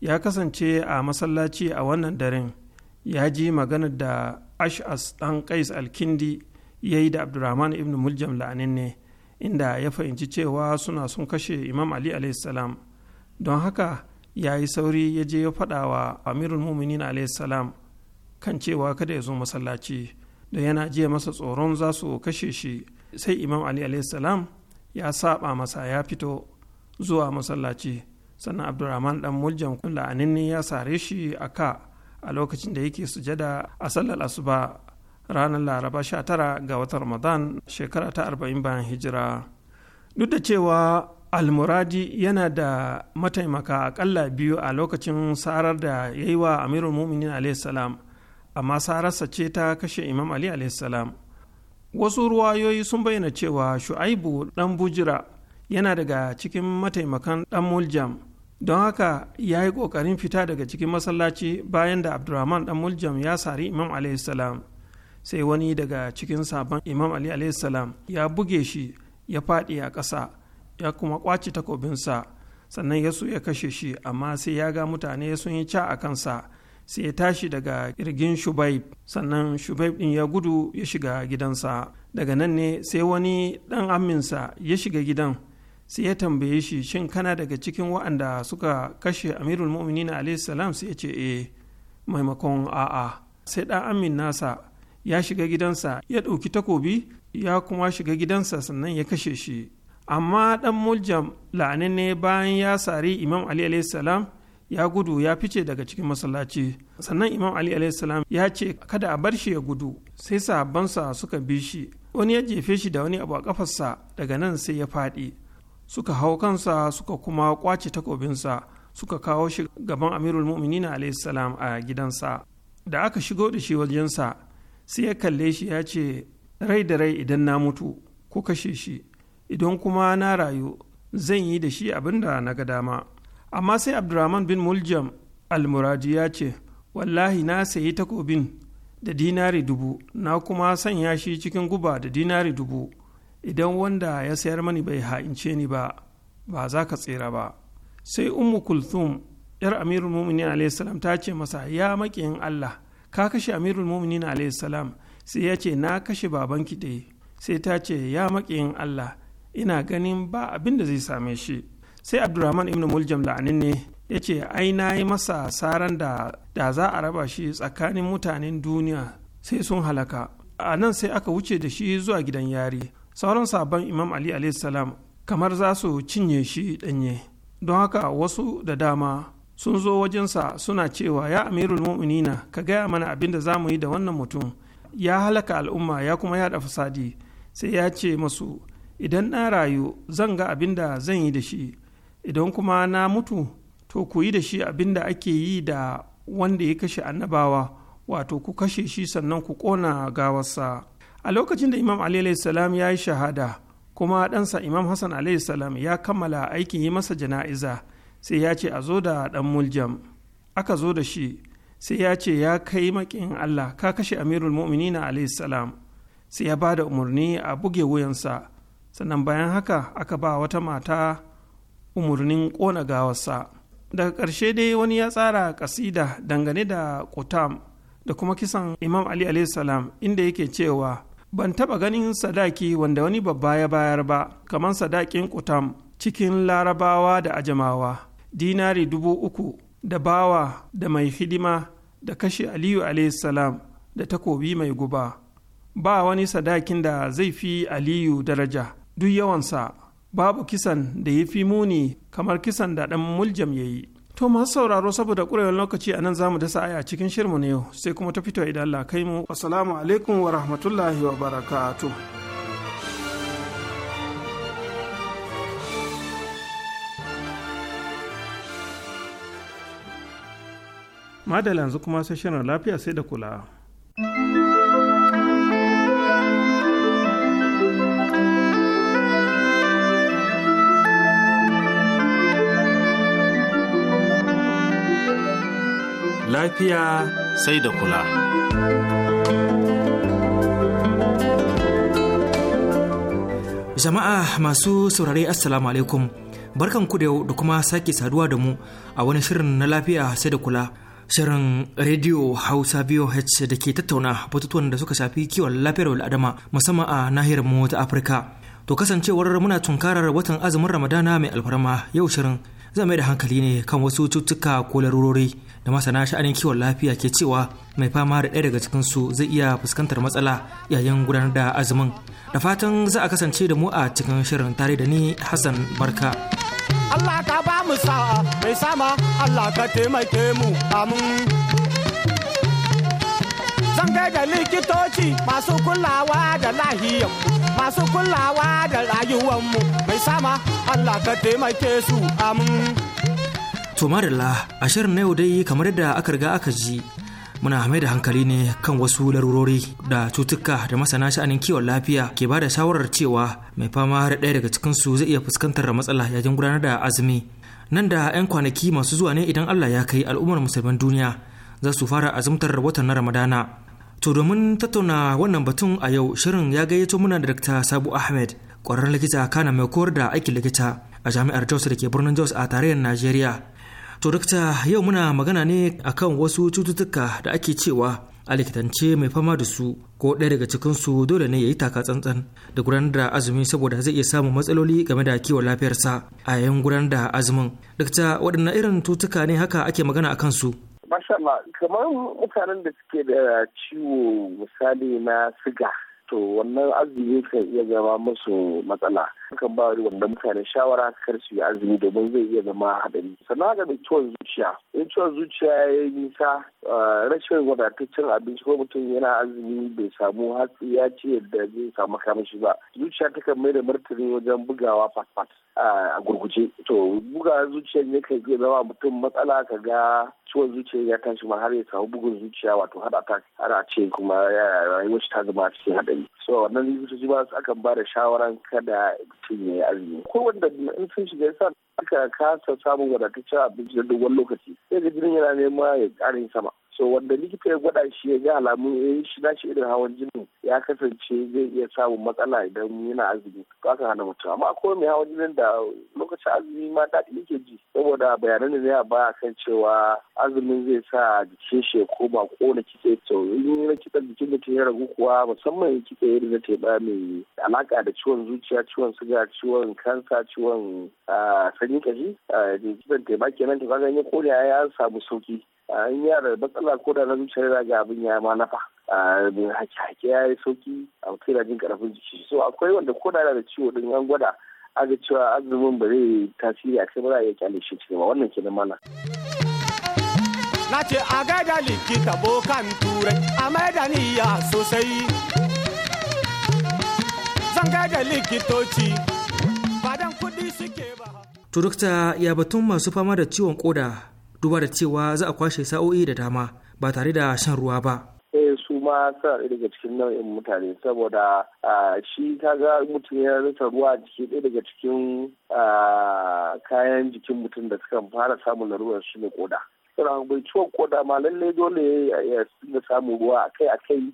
ya kasance a masallaci a wannan daren ya ji magana da ash'as ɗan qais alkindi ya yi da abdurrahman ibn muljam la'anin ne inda ya fahimci cewa suna sun kashe imam ali salam don haka ya yi sauri ya je ya faɗa wa amirul salam kan cewa kada ya zo masallaci da yana jiya masa tsoron za su kashe shi sai imam ali salam ya saba masa ya fito zuwa masallaci sannan abdurrahman dan muljam la'aninni ya sare shi a ka a lokacin da yake sujada a sallar asuba ranar laraba 19 ga watan ramadan shekara ta 40 bayan hijira duk da cewa almuradi yana da mataimaka akalla biyu a lokacin sarar da ya yi wa amirul muminin salam amma sararsa ce ta kashe imam ali salam wasu ruwayoyi sun bayyana cewa shu'aibu dan bujira yana daga cikin mataimakan dan muljam don haka ya yi ƙoƙarin fita daga cikin masallaci bayan da abdurrahman dan muljam ya sari imam salam sai wani daga cikin sabon imam ali salam ya buge shi ya faɗi a ƙasa ya kuma ƙwace takobinsa sannan ya so ya kashe shi amma sai ya ga mutane sun yi ca a kansa sai ya tashi daga kirgin shubaib sannan shubaib din ya gudu ya shiga gidansa daga nan ne sai wani ɗan aminsa ya shiga gidan sai ya tambaye shi shin kana daga cikin wa'anda suka kashe amirul mu'minin alaihi salam sai ya ce eh maimakon a'a sai ɗan amin nasa ya shiga gidansa ya ɗauki takobi ya kuma shiga gidansa sannan ya kashe shi amma ɗan muljam la'anin ne bayan ya sari imam ali alaihi salam ya gudu ya fice daga cikin masallaci sannan imam ali salam ya ce kada a bar shi ya gudu sai sahabbansa suka bi shi wani ya jefe shi da wani abu a kafarsa daga nan sai ya faɗi suka hau kansa suka kuma kwace takobinsa suka kawo shi gaban amirul mu'minina salam a gidansa da aka shigo da shi wajensa sai ya kalle shi ya ce rai da rai idan na mutu ko kashe shi idan kuma na rayu zan yi da shi abin da na ga dama amma sai abdurrahman bin muljam almuradi ya ce wallahi na sayi takobin da dinari dubu na kuma sanya shi cikin guba da dinari dubu idan wanda ya sayar mani bai ha'ince ni ba ba za ka tsira ba sai ummu kulthum yar amirul muminin alaihissalam ta ce masa ya maƙiyin allah ka kashe amirul muminin alaihissalam sai ya ce na kashe babanki dai sai ta ce ya maƙiyin allah ina ganin ba abin da zai same shi sai abdulrahman ibn muljam la'anin ne ya ce ai na yi masa saran da da za a raba shi tsakanin mutanen duniya sai sun halaka a nan sai aka wuce da shi zuwa gidan yari sauran sabon imam ali salam kamar za su cinye shi danye don haka wasu da dama sun zo wajensa suna cewa ya amirul mu'minina ka gaya mana abin da za mu yi da wannan mutum ya halaka al'umma ya kuma yada fasadi sai ya ce masu idan na rayu zan ga abin da zan yi da shi idan kuma na mutu to ku yi da shi abin da ake yi da wanda ya kashe annabawa wato ku kashe shi sannan ku ƙona gawarsa a lokacin da imam ali salam ya yi shahada kuma ɗansa imam hassan salam ya kammala aikin yi masa jana'iza sai ya ce a zo da ɗan muljam aka zo da shi sai ya ce ya kai maƙin allah ka kashe amirul mu'minina salam sai ya ba da umarni a buge wuyansa sannan bayan haka aka ba wata mata umarnin ƙona gawarsa daga ƙarshe dai wani ya tsara ƙasida dangane da kutam da kuma kisan imam ali salam inda yake cewa ban taɓa ganin sadaki wanda wani babba ya bayar ba kamar sadakin kutam cikin larabawa da ajamawa dinari dubu uku da bawa da mai hidima da kashe aliyu salam da takobi mai guba ba wani sadakin da zai fi aliyu daraja duk yawansa babu kisan da ya fi muni kamar kisan da ɗan muljam ya yi to masu sauraro saboda ƙurewar lokaci a nan za mu dasa aya cikin shirmu ne yau sai kuma ta fito idan Allah kai mu assalamu alaikum wa rahmatullahi wa barakatu. madalla yanzu kuma sai shirin lafiya sai da kula. lafiya sai da kula. Jama'a masu saurare Assalamu alaikum barkan ku da kuma sake saduwa da mu a wani shirin na lafiya sai da kula. Shirin Radio Hausa VOH da ke tattauna batutuwan da suka shafi kiwon lafiyar wal'adama musamman a nahiyar mu ta Afirka. To kasancewar muna tunkarar watan azumin Ramadana mai alfarma yau shirin zai mai da hankali ne kan wasu cututtuka ko larurori da masana sha'anin kiwon lafiya ke cewa mai fama da ɗaya daga cikinsu zai iya fuskantar matsala yayin gudanar da azumin da fatan za a kasance da mu a cikin shirin tare da ni hassan barka Allah ka ba mu sa'a mai sama Allah ka taimake mu amin zan gaida likitoci masu kulawa da lahiyar masu kulawa da rayuwanmu mai sama Allah ka taimake su amin. To marilla a shirin na yau dai kamar da aka riga aka ji muna mai da hankali ne kan wasu larurori da cutuka da masana sha'anin kiwon lafiya ke ba da shawarar cewa mai fama da ɗaya daga cikinsu zai iya fuskantar matsala yayin gudanar da azumi nan da 'yan kwanaki masu zuwa ne idan Allah ya kai al'ummar musulman duniya za su fara azumtar watan na ramadana To domin tattauna wannan batun a yau shirin ya gayyato muna da Dr. Sabu Ahmed ƙwararren likita kana mai koyar da aikin likita a jami'ar Jos da ke birnin Jos a tarayyar Najeriya. To Dr. yau muna magana ne akan wasu cututtuka da ake cewa a likitance mai fama da su ko ɗaya daga cikinsu dole ne ya yi taka tsantsan da gudanar da azumi saboda zai iya samun matsaloli game da kiwon lafiyarsa a yayin gudanar da azumin. Dakta waɗanne irin cututtuka ne haka ake magana a su Mashallah, kamar mutanen da suke da ciwo misali na siga, to wannan azumi kan iya zama musu matsala. Kan ba wanda mutane shawara kar su yi azumi domin zai iya zama haɗari. Sannan haka da ciwon zuciya. In ciwon zuciya ya yi nisa, eh, rashin wadataccen abinci ko mutum yana azumi bai samu hatsi ya ce yadda zai samu kamashi ba. Zuciya takan mai da martani wajen bugawa fatfat eh, a gurguje. To bugawa zuciya ne kan iya zama mutum matsala ka ga ciwon zuciya ya tashi ma har ya samu bugun zuciya wato heart attack har a ce kuma rayuwar shi ta zama cikin haɗari so wannan likitoci ba su akan ba da shawaran kada mutum ya yi azumi ko wanda in sun shiga yasa aka kasa samun wadataccen abinci da dogon lokaci sai ga jinin yana nema ya ƙarin sama so wanda likita ya gwada shi ya ga alamun ya shi nashi irin hawan jini ya kasance zai iya samun matsala idan yana azumi ko aka hana mutum amma akwai mai hawan jinin da lokacin azumi ma daɗi yake ji saboda bayanan da zai baya kan cewa azumin zai sa jikin shi ya koma na kitse to na kitse jikin mutum ya ragu kuwa musamman kitse irin na teɓa mai alaka da ciwon zuciya ciwon suga ciwon kansa ciwon ah, sanyi kashi ah, kitsen teɓa kenan to ganye ko ya samu sauki yi yana da matsala ko da na zuciya yana ga abin ya ma nafa hake ya yi sauki a mutum yana jin karfin jiki so akwai wanda ko da yana da ciwo din an gwada aga cewa azumin ba zai tasiri a kai ba za a iya kyale shi cikin ma wannan kenan mana. Na ce a gaida likita bokan turai a da niyya sosai. Zan gaida likitoci ba dan kuɗi suke ba. Turukta ya batun masu fama da ciwon koda duba da cewa za a kwashe sa'o'i da dama ba tare da shan ruwa ba. Eh su ma suna ɗaya daga cikin nau'in mutane saboda shi ta ga mutum ya rasa ruwa a jiki ɗaya daga cikin kayan jikin mutum da suka fara samun larurar shi ne koda. Saboda bai ciwon koda ma lallai dole ya samu ruwa akai-akai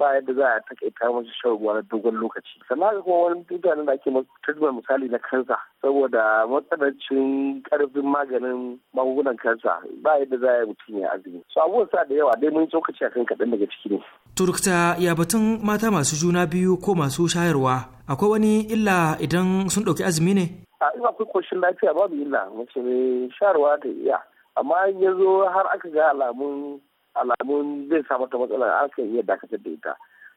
ba yadda za a takaita musu shan ruwa na dogon lokaci sannan haka kuma wani mutanen da ake tuntuɓar misali na kansa saboda matsanancin karfin maganin magungunan kansa ba yadda za a yi mutum ya azumi su abubuwan sa da yawa dai mun tsokaci a kan kaɗan daga ciki ne. turkta ya batun mata masu juna biyu ko masu shayarwa akwai wani illa idan sun ɗauki azumi ne. a ina akwai koshin lafiya babu illa mace mai shayarwa ta iya amma yanzu har aka ga alamun alamun zai samar da matsala an kan iya dakatar da ita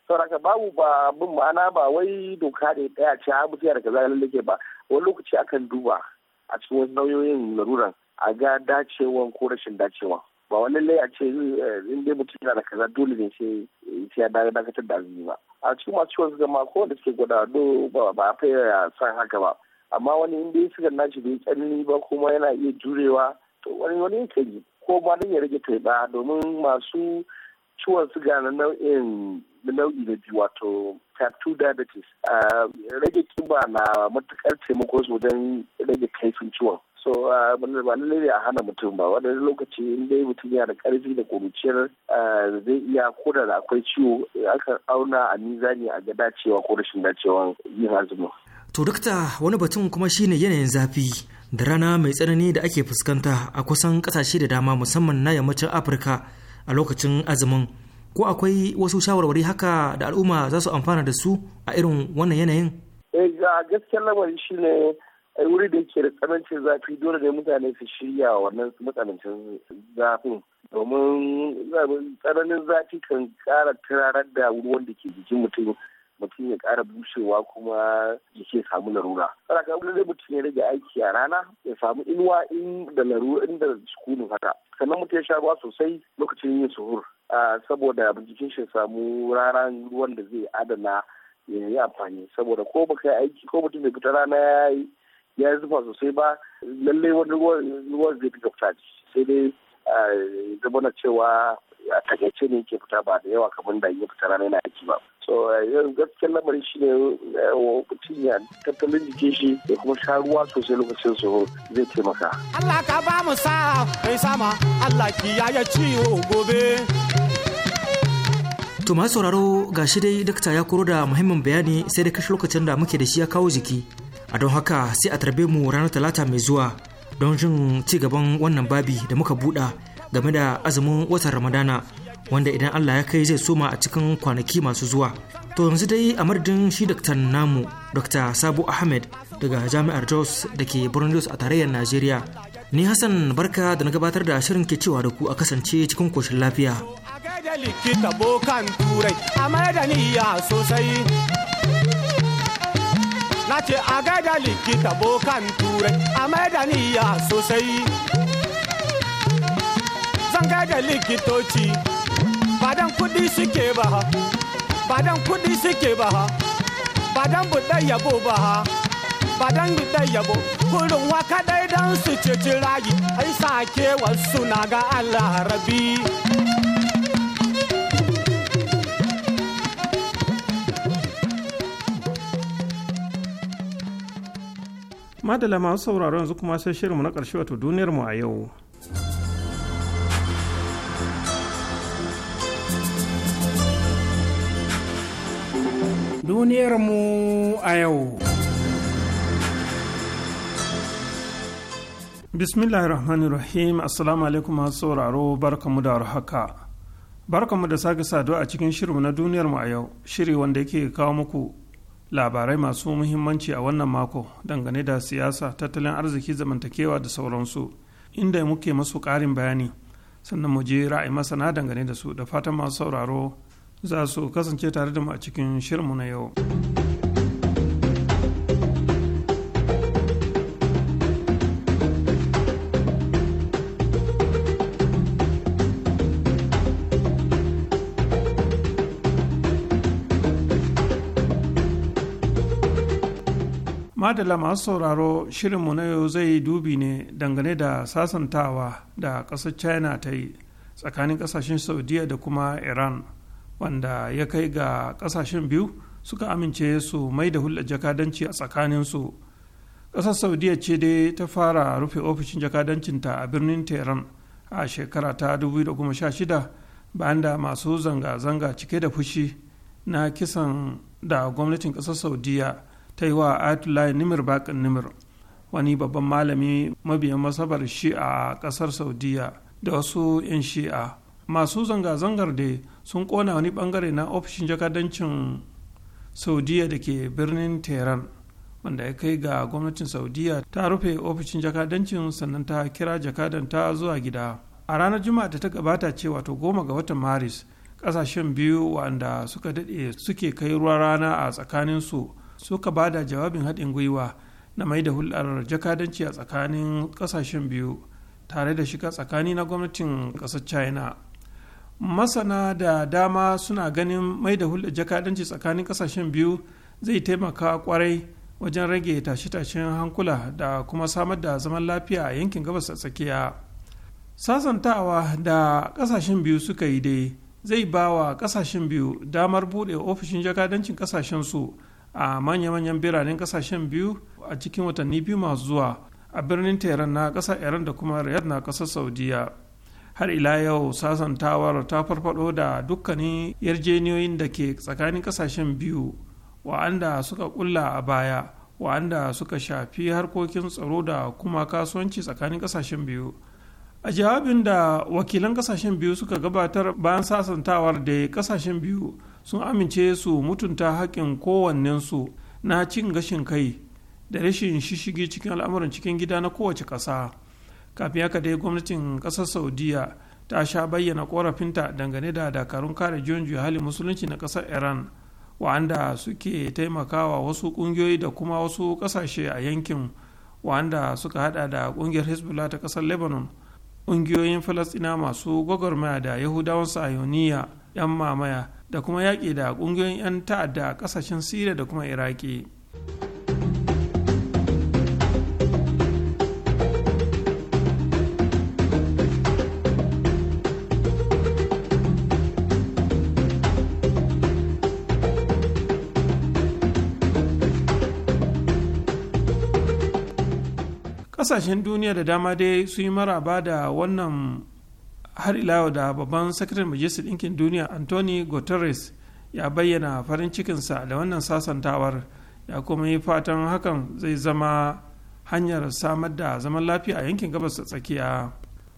saboda babu ba bin ma'ana ba wai doka ne daya ce a mutu da kaza lalace ba wani lokaci akan duba a cikin wasu nauyoyin laruran a ga dacewan ko rashin dacewa ba wani lallai a ce eh, in dai mutum yana da kaza dole ne sai ya dakatar da azumi ba a cikin masu ciwon zama ko da suke gwada do ba a fayar san haka ba amma wani in dai suga naci bai tsanani ba kuma yana iya jurewa to wani wani yake yi ko ma don ya rage taiba domin masu ciwon suga na nau'in nau'i da biyu wato type 2 diabetes rage kiba na matukar taimako su don rage kaifin ciwon so ba ne a hana mutum ba wani lokaci in dai mutum yana da karfi da kuruciyar zai iya ko da akwai ciwo aka auna a mizani a ga dacewa ko rashin dacewa yin azumi to dukta wani batun kuma shine yanayin zafi da rana mai tsanani da ake fuskanta a kusan kasashe da dama musamman na yammacin afirka a lokacin azumin ko akwai wasu shawarwari haka da al'umma za su amfana da su a irin wannan yanayin eh, ga gaskiyar lamari shine eh, wuri da ke da tsanancin zafi dole da mutane su shirya wannan matsanancin zafin domin eh, tsananin zafi kan kara turarar da ruwan da ke jikin mutum mutum ya kara bushewa kuma ya samu larura. Kada ka zai mutum ya rage aiki a rana ya samu inuwa in da larura in da sukunin haka. Sannan mutum ya sha ruwa sosai lokacin yin suhur. Saboda jikin shi samu raran ruwan da zai adana ya yi amfani. Saboda ko ba kai aiki ko mutum bai fita rana ya yi ya zufa sosai ba lallai wani ruwan zai fi sai dai zama cewa a takaice ne yake fita ba da yawa kamar da ya fita rana yana aiki ba so yanzu gaskiyar lamarin shi ne eh, mutum ya tattalin jikin shi da kuma sha ruwa sosai lokacin su zai taimaka. Allah ka ba mu sa mai sama Allah kiyaye ciwo gobe. To ma sauraro ga shi dai dakta ya koro da muhimmin bayani sai da kashe lokacin da muke da shi ya kawo jiki. A don haka sai a tarbe mu ranar talata mai zuwa don jin ci gaban wannan babi da muka buɗa game da azumin watan ramadana wanda idan allah ya kai zai soma a cikin kwanaki masu zuwa to yanzu dai a madadin shi daktan namu dr sabu ahmed daga jami'ar jos da ke birnin jos a tarayyar najeriya ni hassan barka da na gabatar da shirin ke cewa da ku a kasance cikin koshin lafiya a na ce a gaida likita bokan turai a da niyya sosai san gada likitoci badan kudi suke ba ha badan kudi suke ba ha badan budan yabo ba ha badan budan yabo kurin waka dai dan su ceci rayi ai sake wasu na ga Allah rabi madala masu sauraron yanzu kuma sai shirinmu na ƙarshe wato duniyarmu a yau duniyarmu a yau. Bismillahirrahmanirrahim Assalamu alaikum masu sauraro barkamu da haka. Barkamu da sake saduwa a cikin shirin na duniyarmu a yau, shiri wanda yake kawo muku labarai masu muhimmanci a wannan mako dangane da siyasa, tattalin arziki, zamantakewa da sauransu, inda muke masu ƙarin bayani. Sannan mu je ra'ayi masana dangane da su da fatan masu sauraro za su kasance tare da mu a cikin shirinmu na yau. madala masu sauraro shirinmu na yau zai dubi ne dangane da sasantawa da ƙasar china ta yi tsakanin ƙasashen saudiya da kuma iran wanda ya kai ga kasashen biyu suka amince su mai da hulɗar jakadanci a tsakaninsu ƙasar saudiya ce dai ta fara rufe ofishin jakadancinta a birnin tehran a shekara ta 2016 bayan da masu zanga-zanga cike da fushi na kisan da gwamnatin ƙasar saudiya ta yi wa ayatollah nimir bakin nimir wani babban malami mabiyan masabar shi'a a ƙasar saudiya da wasu 'yan shi'a masu zanga-zangar da sun kona wani bangare na ofishin jakadancin saudiya da ke birnin tehran wanda ya kai ga gwamnatin saudiya ta rufe ofishin jakadancin sannan ta kira jakadanta zuwa gida a ranar juma'a da ta gabata ce wato goma ga watan maris kasashen biyu wanda suka daɗe suke kai ruwa rana a tsakaninsu suka ba da jawabin haɗin gwiwa na mai da hulɗar jakadanci a tsakanin kasashen biyu tare da shiga tsakani na gwamnatin ƙasar china masana da dama suna ganin mai da hulɗa jakadanci tsakanin ƙasashen biyu zai taimaka kwarai wajen rage tashe-tashen hankula da kuma samar da zaman lafiya a yankin gabas tsakiya sasantawa da ƙasashen biyu suka yi dai zai ba wa ƙasashen biyu damar buɗe ofishin jakadancin ƙasashen su a manya-manyan biranen ƙasashen biyu a cikin watanni biyu masu zuwa a birnin teran na ƙasa iran da kuma riyadh na ƙasar saudiya har ila yau sasantawar ta farfado da dukkanin yarjeniyoyin da ke tsakanin kasashen biyu wa'anda suka kulla a baya wa'anda suka shafi harkokin tsaro da kuma kasuwanci tsakanin kasashen biyu a jawabin da wakilan kasashen biyu suka gabatar bayan sasantawar da kasashen biyu sun amince su mutunta haƙƙin kowannensu na cin gashin kai da rashin shishigi cikin al'amuran cikin gida na kowace ƙasa kafin haka dai gwamnatin kasar saudiya ta sha bayyana korafinta dangane da dakarun kare juyin juya halin musulunci na kasar iran wa'anda suke taimakawa wasu ƙungiyoyi da kuma wasu ƙasashe a yankin wa'anda suka hada da ƙungiyar hezbollah ta ƙasar lebanon ƙungiyoyin falastina masu gwagwarmaya da yahudawan sayoniya 'yan mamaya da kuma yaƙi da ƙungiyoyin 'yan ta'adda a ƙasashen siriya da kuma iraki kasashen duniya da dama dai sun yi maraba da wannan har ilawa da babban sakataren majalisar ɗinkin duniya anthony guterres ya bayyana farin cikinsa da wannan sasantawar ya kuma yi fatan hakan zai zama hanyar samar da zaman lafiya a yankin gabas tsakiya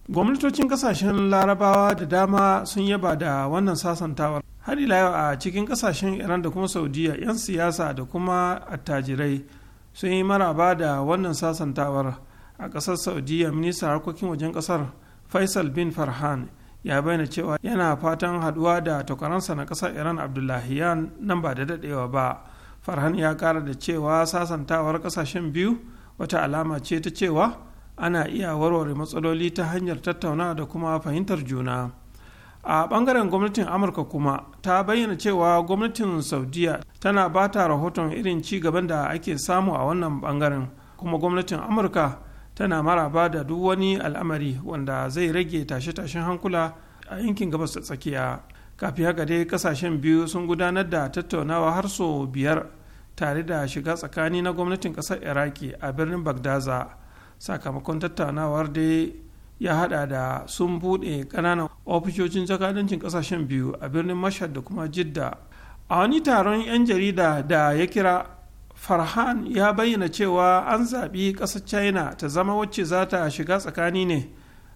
gwamnatocin kasashen larabawa da dama sun yaba da wannan sasantawar har ila a cikin kasashen iran da kuma saudiya 'yan siyasa da kuma attajirai sun yi maraba da wannan sasantawar a ƙasar saudiya ministan harkokin wajen ƙasar faisal bin farhan ya bayyana cewa yana fatan haduwa da takwaransa na ƙasar iran abdullahiyan nan ba da daɗewa ba farhan ya ƙara da cewa sasantawar ƙasashen biyu wata alama ce ta cewa ana iya warware matsaloli ta hanyar tattaunawa da kuma fahimtar juna a bangaren gwamnatin amurka kuma ta bayyana cewa gwamnatin saudiya tana ba ta rahoton irin ci gaban da ake samu a wannan bangaren kuma gwamnatin amurka tana maraba da duk wani al'amari wanda zai rage tashe-tashen hankula a yankin gabas ta tsakiya kafin haka dai kasashen biyu sun gudanar da tattaunawa har sau biyar tare da shiga tsakani na gwamnatin ƙasar iraki a birnin bagdaza sakamakon tattaunawar dai ya hada da sun buɗe ƙananan ofishocin jakadancin ƙasashen biyu a birnin mashhad da kuma jidda a wani taron 'yan jarida da ya kira farhan ya bayyana cewa an zaɓi ƙasar china ta zama wacce za ta shiga tsakani ne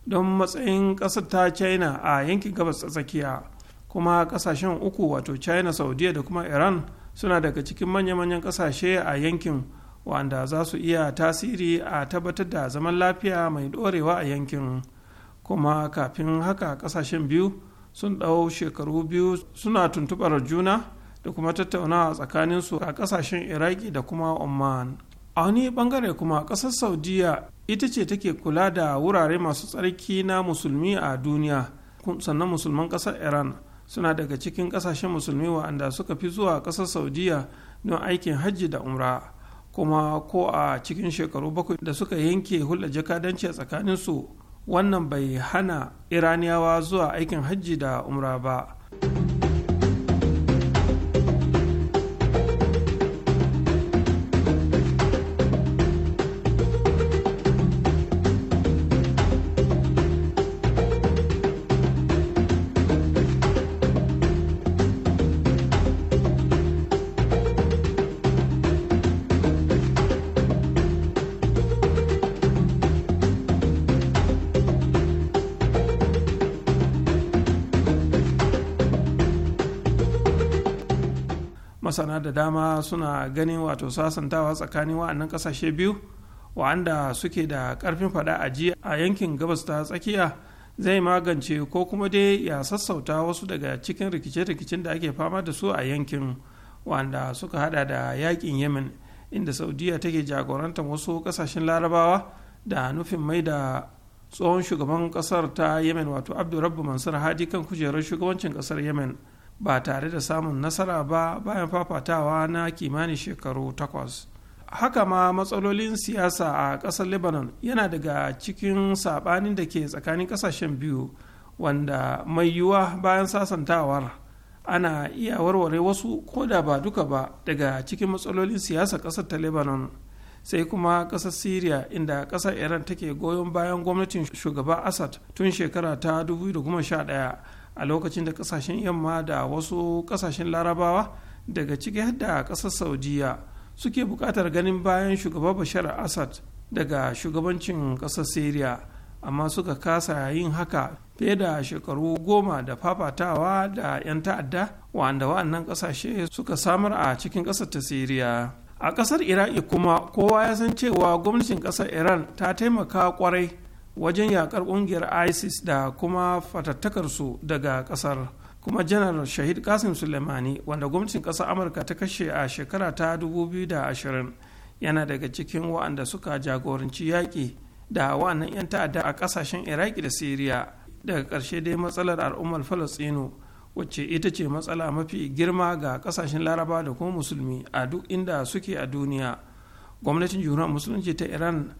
don matsayin ƙasar ta china a yankin gabas tsakiya kuma ƙasashen uku wato china saudiya da kuma iran suna daga cikin manya-manyan ƙasashe a yankin wanda za su iya tasiri a tabbatar da zaman lafiya mai ɗorewa a yankin kuma kafin haka ƙasashen biyu sun ɗau shekaru biyu suna tuntuɓar juna da kuma tattaunawa su a kasashen iraki da kuma oman a wani bangare kuma kasar saudiya ita ce take kula da wurare masu tsarki na musulmi a duniya sannan musulman kasar iran suna daga cikin kasashen musulmi waɗanda suka fi zuwa kasar saudiya don aikin hajji da umra kuma ko a cikin shekaru bakwai da suka yanke hulɗa jakadanci a tsakaninsu wannan bai hana iraniyawa zuwa aikin hajji da umra ba. dama suna ganin wato sasantawa tsakanin wa'annan kasashe biyu wa'anda suke da karfin fada a ji a yankin gabas ta tsakiya zai magance ko kuma dai ya sassauta wasu daga cikin rikice-rikicen da ake fama da su a yankin wanda suka hada da yakin yemen inda saudiya take jagorantar wasu kasashen larabawa da nufin mai da tsohon shugaban kasar ta yemen wato rabbu mansur hadi kan kujerar shugabancin kasar yemen ba tare da samun nasara ba bayan fafatawa na kimanin shekaru takwas haka ma matsalolin siyasa a ƙasar lebanon yana daga cikin saɓanin da ke tsakanin ƙasashen biyu wanda mai yiwuwa bayan sasantawar ana iya warware wasu ko da ba duka ba daga cikin matsalolin siyasa ƙasar ta lebanon sai kuma ƙasar syria inda ƙasar iran take goyon bayan gwamnatin shugaba assad tun shekara ta 2011 a lokacin da kasashen yamma da wasu kasashen larabawa daga ciki har da kasar saudiya suke buƙatar ganin bayan shugaba bashar Asad daga shugabancin kasar syria amma suka kasa yin haka fiye da shekaru goma da fafatawa da 'yan ta'adda wanda wa'annan kasashe suka samar a cikin kasar ta syria a kasar iraki kuma kowa ya san cewa gwamnatin kasar iran ta taimaka kwarai wajen yakar kungiyar isis da kuma fatattakarsu daga kasar kuma janar shahid kasim suleimani wanda gwamnatin kasar amurka ta kashe a shekara ta 2020 yana daga cikin wa'anda suka jagoranci yaƙi da wa'annan 'yan ta'adda a ƙasashen iraki da siriya daga ƙarshe dai matsalar al'ummar falastinu wacce ita ce matsala mafi girma ga ƙasashen laraba da kuma musulmi a duk inda suke a duniya gwamnatin juna musulunci ta iran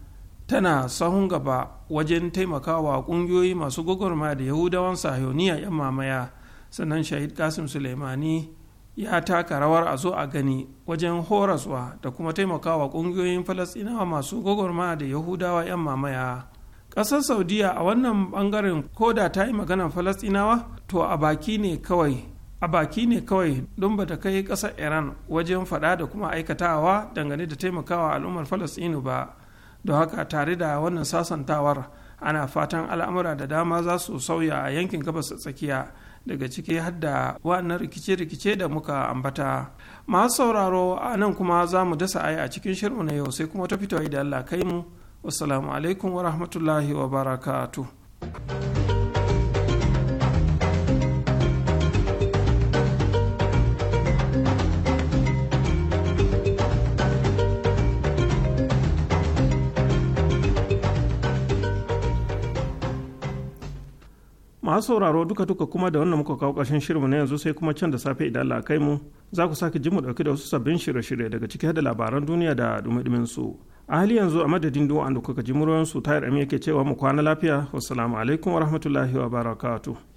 tana sahun gaba wajen taimakawa kungiyoyi masu gwagwarmaya da yahudawan sahiyoniya 'yan mamaya sannan shahid kasim suleimani ya taka rawar a zo a gani wajen horaswa da kuma taimakawa kungiyoyin falasɗinawa masu gwagwarmaya da yahudawa 'yan mamaya ƙasar saudiya a wannan bangaren ko da ta yi maganar falasɗinawa to a baki ne kawai a baki ne kawai don ba ta kai ƙasar iran wajen faɗa da kuma aikatawa dangane da taimakawa al'ummar falasɗinu ba don haka tare da wannan sasantawar ana fatan al'amura da dama za su sauya a yankin gabas tsakiya daga ciki har da wannan rikice-rikice da muka ambata masu sauraro a nan kuma za mu dasa aya a cikin shirmu na yau sai kuma ta fito idan Allah kai mu wassalamu alaikum wa rahmatullahi wa barakatuh masu sauraro duka duka kuma da wannan muka kawo ƙarshen shirinmu na yanzu sai kuma can da safe idan Allah kai mu za ku sake ji mu dauki da wasu sabbin shirye-shirye daga ciki da labaran duniya da dumi su a hali yanzu a madadin duwa da kuka ji muryoyin su tayar ke cewa mu kwana lafiya wassalamu alaikum wa wabarakatuh